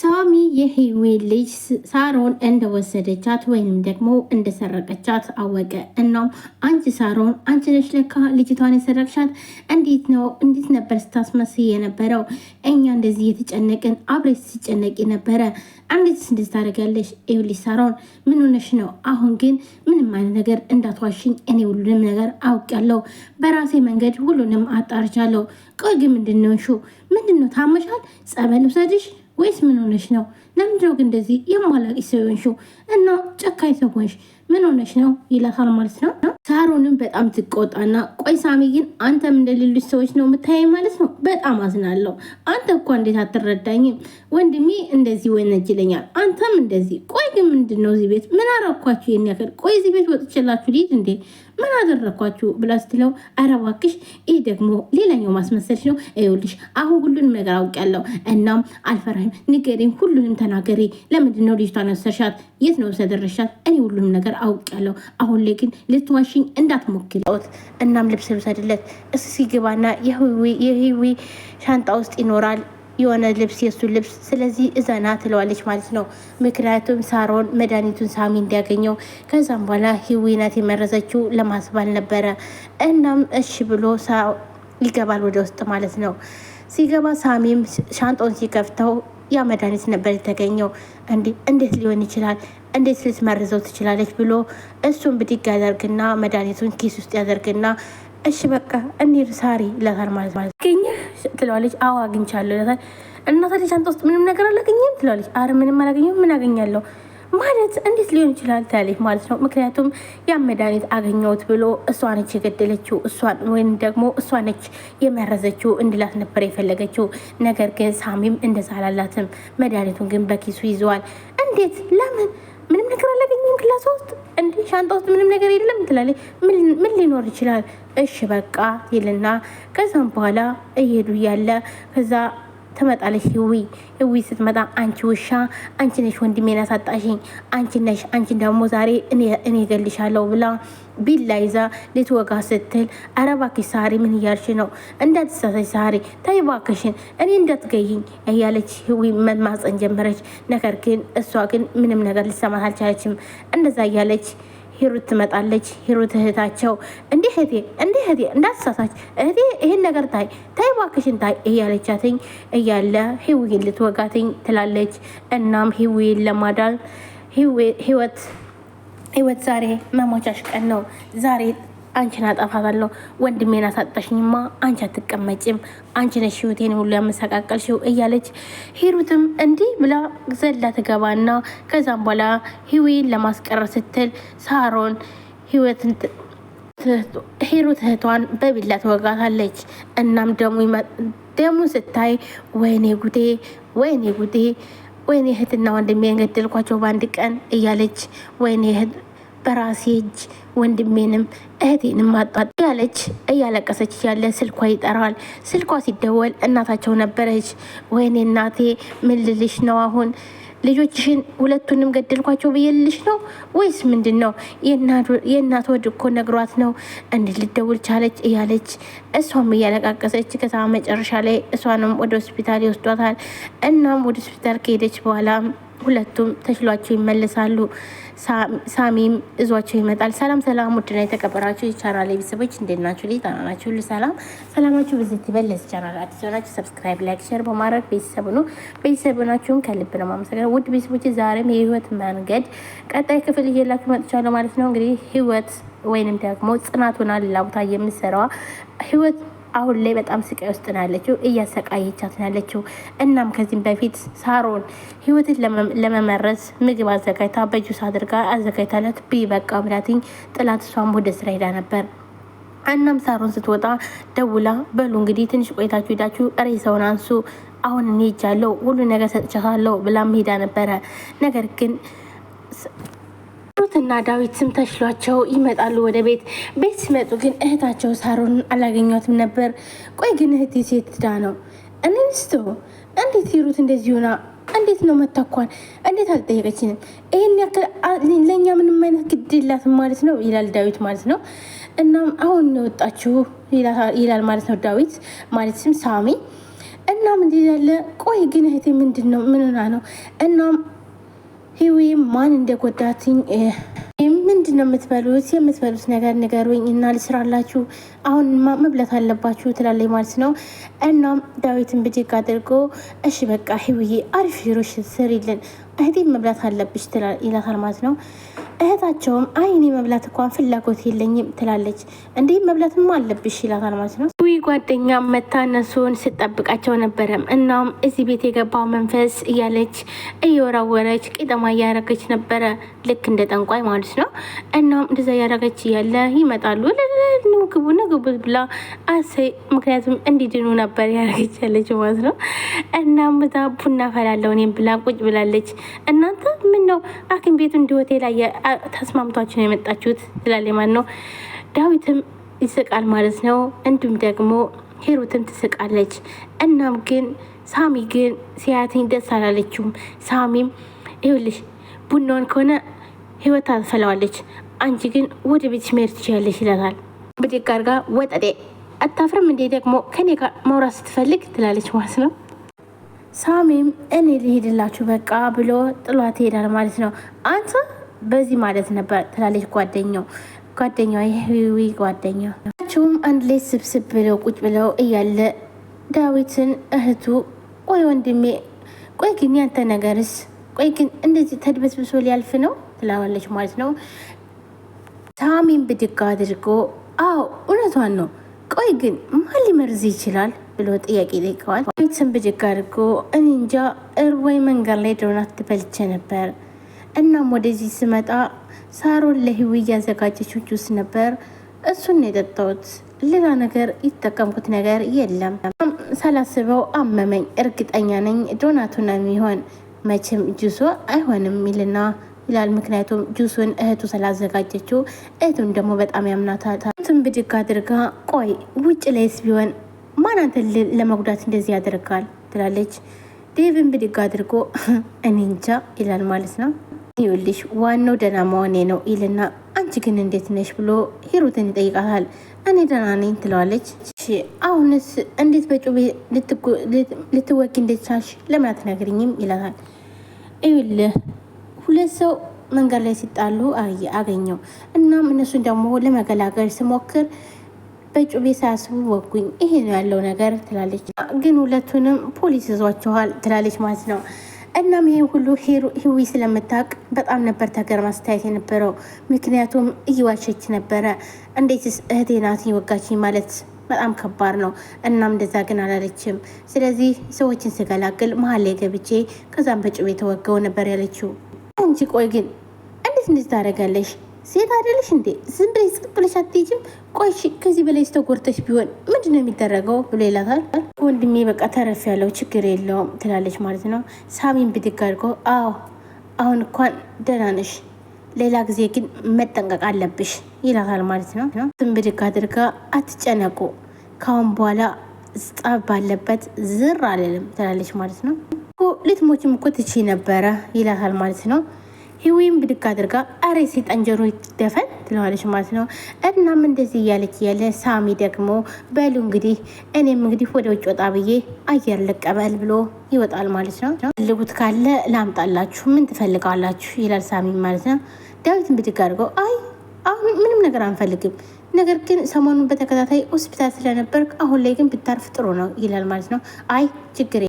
ሳሚ የህይወት ልጅ ሳሮን እንደወሰደቻት ወይንም ደግሞ እንደሰረቀቻት አወቀ። እናም አንቺ ሳሮን አንቺ ነሽ ለካ ልጅቷን የሰረቅሻት? እንዴት ነው እንዴት ነበር ስታስመስይ የነበረው? እኛ እንደዚህ የተጨነቅን አብሬት ሲጨነቅ ነበረ። እንዴት እንደዚህ ታደርጋለሽ? ይኸውልሽ ሳሮን ምን ሆነሽ ነው? አሁን ግን ምንም አይነት ነገር እንዳትዋሽኝ። እኔ ሁሉንም ነገር አውቃለሁ። በራሴ መንገድ ሁሉንም አጣርቻለሁ። ቆይ ግን ምንድን ነው ሹ ምንድን ነው ታመሻል? ጸበል ውሰድሽ ወይስ ምን ሆነሽ ነው? ለምንድነው ግን እንደዚህ የማላቂ ሰው ሆንሽው እና ጨካኝ ሰው ሆንሽ? ምን ሆነሽ ነው ይላታል ማለት ነው። ሳሮንም በጣም ትቆጣና ቆይ ሳሚ ግን አንተም እንደሌሎች ሰዎች ነው የምታይ ማለት ነው። በጣም አዝናለሁ። አንተ እኳ እንዴት አትረዳኝም? ወንድሜ እንደዚህ ወነጅለኛል፣ አንተም እንደዚህ። ቆይ ግን ምንድን ነው እዚህ ቤት ምን አረኳችሁ? ይሄን ያክል ቆይ እዚህ ቤት ወጥቼላችሁ ልሂድ እንዴ? ምን አደረኳችሁ ብላ ስትለው ኧረ እባክሽ ይህ ደግሞ ሌላኛው ማስመሰልሽ ነው። ይኸውልሽ አሁን ሁሉንም ነገር አውቄያለሁ። እናም አልፈራህም፣ ንገሪኝ፣ ሁሉንም ተናገሪ። ለምንድን ነው ልጅቷን ወሰድሻት? የት ነው ሰደረሻት? እኔ ሁሉንም ነገር አውቄያለሁ። አሁን ላይ ግን ልትዋሽኝ እንዳትሞክሪ። እናም ልብስ ልብሰድለት እሱ ግባና የህዊ ሻንጣ ውስጥ ይኖራል የሆነ ልብስ የሱ ልብስ ስለዚህ እዘና ትለዋለች ማለት ነው። ምክንያቱም ሳሮን መድኃኒቱን ሳሚ እንዲያገኘው ከዛም በኋላ ህዊናት የመረዘችው ለማስባል ነበረ። እናም እሺ ብሎ ይገባል ወደ ውስጥ ማለት ነው። ሲገባ ሳሚም ሻንጦን ሲከፍተው ያ መድኃኒት ነበር የተገኘው። እንዴት ሊሆን ይችላል? እንዴት ልትመርዘው ትችላለች? ብሎ እሱን ብድግ ያደርግና መድኃኒቱን ኪስ ውስጥ ያደርግና እሺ በቃ እንሂድ ሳሪ ይላታል ማለት ነው። ትለዋለች። አዎ አግኝቻለሁ ይላታል። እና ልጅ ሻንጣ ውስጥ ምንም ነገር አላገኘም ትለዋለች። አረ ምንም አላገኘም ምን አገኛለሁ ማለት እንዴት ሊሆን ይችላል ትላለች ማለት ነው። ምክንያቱም ያ መድኃኒት አገኘሁት ብሎ እሷ ነች የገደለችው እሷን ወይም ደግሞ እሷ ነች የመረዘችው እንድላት ነበር የፈለገችው። ነገር ግን ሳሚም እንደዛ አላላትም። መድኃኒቱን ግን በኪሱ ይዘዋል። እንዴት ለምን ምንም ነገር አላገኘሁም። ክላስ ውስጥ እንዲ ሻንጣ ውስጥ ምንም ነገር የለም ትላለ። ምን ሊኖር ይችላል? እሺ በቃ ይልና ከዛም በኋላ እየሄዱ እያለ ከዛ ትመጣለች። ህዊ ህዊ ስትመጣ አንቺ ውሻ፣ አንቺ ነሽ ወንድሜን ያሳጣሽኝ፣ አንቺ ነሽ፣ አንቺ ደግሞ ዛሬ እኔ እገልሻለሁ ብላ ቢላ ይዛ ልትወጋ ስትል ኧረ እባክሽ ሳሪ ምን እያልሽ ነው? እንዳትሳሳች ሳሪ ተይ እባክሽን፣ እኔ እንዳትገይኝ እያለች ህዊ መማፀን ጀመረች። ነገር ግን እሷ ግን ምንም ነገር ልሰማት አልቻለችም። እንደዛ እያለች ሂሩት ትመጣለች። ሂሩት እህታቸው እንዲህ እህቴ እንዲህ እህቴ እንዳትሳሳች እህቴ ይህን ነገር ታይ ታይ እባክሽን ታይ እያለቻትኝ እያለ ህዊን ልትወጋትኝ ትላለች። እናም ሂዊን ለማዳን ህይወት ዛሬ መሞቻሽ ቀን ነው ዛሬ አንቺን አጠፋታለሁ። ወንድሜን አሳጣሽኝማ አንቺ አትቀመጭም፣ አንቺ ነሽ ህይወቴን ሁሉ ያመሰቃቀልሽው እያለች ሂሩትም እንዲህ ብላ ዘላ ትገባና ከዛም በኋላ ህዌን ለማስቀረት ስትል ሳሮን ህይወትን ሂሩት እህቷን በቢላ ትወጋታለች። እናም ደሙ ስታይ ወይኔ ጉዴ፣ ወይኔ ጉዴ፣ ወይኔ እህትና ወንድሜን ገደልኳቸው በአንድ ቀን እያለች ወይኔ በራሴ እጅ ወንድሜንም እህቴንም ማጣት እያለች እያለቀሰች ያለ ስልኳ ይጠራል። ስልኳ ሲደወል እናታቸው ነበረች። ወይኔ እናቴ ምን ልልሽ ነው አሁን ልጆችሽን ሁለቱንም ገደልኳቸው ብዬልሽ ነው ወይስ ምንድን ነው? የእናት ወድ እኮ ነግሯት ነው እንድ ልደውል ቻለች እያለች እሷም እያለቃቀሰች ከዛ መጨረሻ ላይ እሷንም ወደ ሆስፒታል ይወስዷታል። እናም ወደ ሆስፒታል ከሄደች በኋላ ሁለቱም ተችሏቸው ይመልሳሉ። ሳሚም እዟቸው ይመጣል። ሰላም ሰላም፣ ውድና የተከበራችሁ የቻናል ቤተሰቦች እንዴት ናችሁ? ልጅ ጣና ናችሁ? ሁሉ ሰላም ሰላማችሁ ብዙ ይበለጽ። ቻናል አዲስ ሆናችሁ ሰብስክራይብ፣ ላይክ፣ ሸር በማድረግ ቤተሰብ ነው። ቤተሰብ ናችሁን ከልብ ነው ማመሰግነው። ውድ ቤተሰቦች ዛሬም የህይወት መንገድ ቀጣይ ክፍል እየላችሁ መጥቻለሁ ማለት ነው። እንግዲህ ህይወት ወይንም ደግሞ ጽናት ሆና ሌላ ቦታ የምትሰራዋ ህይወት አሁን ላይ በጣም ስቃይ ውስጥ ነው ያለችው፣ እያሰቃየቻት ነው ያለችው። እናም ከዚህም በፊት ሳሮን ህይወትን ለመመረዝ ምግብ አዘጋጅታ በጁስ አድርጋ አዘጋጅታለት ብ በቃ ብላትኝ ጥላት እሷም ወደ ስራ ሄዳ ነበር። እናም ሳሮን ስትወጣ ደውላ በሉ እንግዲህ ትንሽ ቆይታችሁ ሄዳችሁ ሬሳውን አንሱ፣ አሁን እኔ ሄጃለሁ፣ ሁሉ ነገር ሰጥቻታለሁ ብላም ሄዳ ነበረ ነገር ግን ዳዊት ዳዊትም ተሽሏቸው ይመጣሉ ወደ ቤት። ቤት ሲመጡ ግን እህታቸው ሳሮን አላገኘትም ነበር። ቆይ ግን እህት ሴት ዳ ነው እንንስቶ እንዴት ሂሩት እንደዚህ ሆና እንዴት ነው መታኳን? እንዴት አልጠየቀችንም? ይህን ያክል ለእኛ ምንም አይነት ግድ የላትም ማለት ነው ይላል ዳዊት ማለት ነው። እናም አሁን ወጣችሁ ይላል ማለት ነው ዳዊት ማለትም ሳሚ። እናም እንዲህ ያለ ቆይ ግን እህቴ ምንድን ነው ምንና ነው እናም ህዊ ማን እንደጎዳትኝ ምንድን ነው የምትበሉት? የምትበሉት ነገር ንገሩኝ እና ልስራላችሁ። አሁን መብላት አለባችሁ ትላለች ማለት ነው። እናም ዳዊትን ብድግ አድርጎ እሺ በቃ ህውዬ አሪፍ ሽሮሽ ስሪልን እህቴ መብላት አለብሽ ይላታል ማለት ነው። እህታቸውም አይኔ መብላት እንኳን ፍላጎት የለኝም ትላለች። እንዲህ መብላትም አለብሽ ይላታል ማለት ነው። የነዊ ጓደኛ መታ እነሱን ስጠብቃቸው ነበረ። እናም እዚህ ቤት የገባው መንፈስ እያለች እየወራወረች ቄጠማ እያረገች ነበረ፣ ልክ እንደ ጠንቋይ ማለት ነው። እናም እንደዛ እያረገች እያለ ይመጣሉ። ንግቡ ግቡ ብላ አሰይ፣ ምክንያቱም እንዲድኑ ነበር ያረገች ያለች ማለት ነው። እናም እዛ ቡና ፈላለው እኔም ብላ ቁጭ ብላለች። እናንተ ምን ነው ሐኪም ቤቱ እንዲ ሆቴል ተስማምቷችሁ የመጣችሁት ትላለች ማለት ነው ዳዊትም ይስቃል ማለት ነው። እንዲሁም ደግሞ ሂሩትም ትስቃለች። እናም ግን ሳሚ ግን ሲያትኝ ደስ አላለችውም። ሳሚም ይኸውልሽ ቡናውን ከሆነ ህይወት ታፈላዋለች፣ አንቺ ግን ወደ ቤትሽ መሄድ ትችያለሽ ይላታል። ብድግ አድርጋ ወጠጤ አታፍርም እንዴ ደግሞ ከኔ ጋር ማውራት ስትፈልግ ትላለች ማለት ነው። ሳሚም እኔ ልሄድላችሁ በቃ ብሎ ጥሏት ይሄዳል ማለት ነው። አንተ በዚህ ማለት ነበር ትላለች ጓደኛው ጓደኛዋ የህዊ ጓደኛ ቸውም አንድ ላይ ስብስብ ብለው ቁጭ ብለው እያለ ዳዊትን እህቱ ቆይ ወንድሜ፣ ቆይ ግን ያንተ ነገርስ፣ ቆይ ግን እንደዚህ ተድበስብሶ ሊያልፍ ነው ትላዋለች ማለት ነው። ሳሚን ብድግ አድርጎ አዎ እውነቷን ነው፣ ቆይ ግን ማን ሊመርዝ ይችላል ብሎ ጥያቄ ጠይቀዋል። ዳዊትን ብድግ አድርጎ እንጃ እርወይ መንገድ ላይ ዶናት ትበልቼ ነበር እናም ወደዚህ ስመጣ ሳሮን ለህዊ እያዘጋጀችው ጁስ ነበር። እሱን የጠጣሁት ሌላ ነገር ይጠቀምኩት ነገር የለም። ሳላስበው አመመኝ። እርግጠኛ ነኝ ዶናቱን የሚሆን መቼም ጁሶ አይሆንም ይልና ይላል። ምክንያቱም ጁሱን እህቱ ስላዘጋጀችው እህቱን ደግሞ በጣም ያምናታል። እህቱን ብድግ አድርጋ ቆይ ውጭ ላይስ ቢሆን ማን አንተን ለመጉዳት እንደዚህ ያደርጋል ትላለች። ዴቭን ብድግ አድርጎ እኔ እንጃ ይላል ማለት ነው። ይኸውልሽ ዋናው ደህና መሆኔ ነው ይልና አንቺ ግን እንዴት ነሽ ብሎ ሂሩትን ይጠይቃታል። እኔ ደህና ነኝ ትለዋለች። አሁንስ እንዴት በጩቤ ልትወጊ እንዴት ቻልሽ? ለምን አትነግሪኝም? ይላታል። ይኸውልህ ሁለት ሰው መንገድ ላይ ሲጣሉ አገኘው። እናም እነሱን ደግሞ ለመገላገል ስሞክር በጩቤ ሳያስቡ ወጉኝ። ይሄ ነው ያለው ነገር ትላለች። ግን ሁለቱንም ፖሊስ ይዟቸዋል ትላለች ማለት ነው። እናም ይህ ሁሉ ህዊ ስለምታውቅ በጣም ነበር ተገርማ ስታየት የነበረው። ምክንያቱም እየዋሸች ነበረ። እንዴትስ እህቴ ናት የወጋችኝ ማለት በጣም ከባድ ነው። እናም እንደዛ ግን አላለችም። ስለዚህ ሰዎችን ስገላግል መሀል ላይ ገብቼ ከዛም በጩቤ ተወገው ነበር ያለችው እንጂ ቆይ ግን እንዴት እንደዚህ ታደርጋለሽ? ሴት አይደለሽ እንዴ? ዝም ብለሽ ጸጥ ብለሽ አትሄጂም? ቆይሽ ከዚህ በላይ ስተጎርተሽ ቢሆን ምንድን ነው የሚደረገው ብሎ ይላታል። ወንድሜ በቃ ተረፍ ያለው ችግር የለውም ትላለች ማለት ነው። ሳሚን ብድግ አድርጎ አዎ አሁን እንኳን ደህና ነሽ ሌላ ጊዜ ግን መጠንቀቅ አለብሽ ይላታል ማለት ነው። ብድግ አድርጋ አትጨነቁ፣ ካሁን በኋላ ጸብ ባለበት ዝር አልልም ትላለች ማለት ነው። ልትሞችም እኮ ትቺ ነበረ ይላታል ማለት ነው። ህዊም ብድግ አድርጋ አረ ሲጠንጀሩ ይደፈን ትለዋለች ማለት ነው። እናም እንደዚህ እያለች እያለ ሳሚ ደግሞ በሉ እንግዲህ እኔም እንግዲህ ወደ ውጭ ወጣ ብዬ አየር ልቀበል ብሎ ይወጣል ማለት ነው። ፈልጉት ካለ ላምጣላችሁ፣ ምን ትፈልጋላችሁ ይላል ሳሚ ማለት ነው። ዳዊትን ብድግ አድርገው አይ አሁን ምንም ነገር አንፈልግም ነገር ግን ሰሞኑን በተከታታይ ሆስፒታል ስለነበርክ አሁን ላይ ግን ብታርፍ ጥሩ ነው ይላል ማለት ነው። አይ ችግር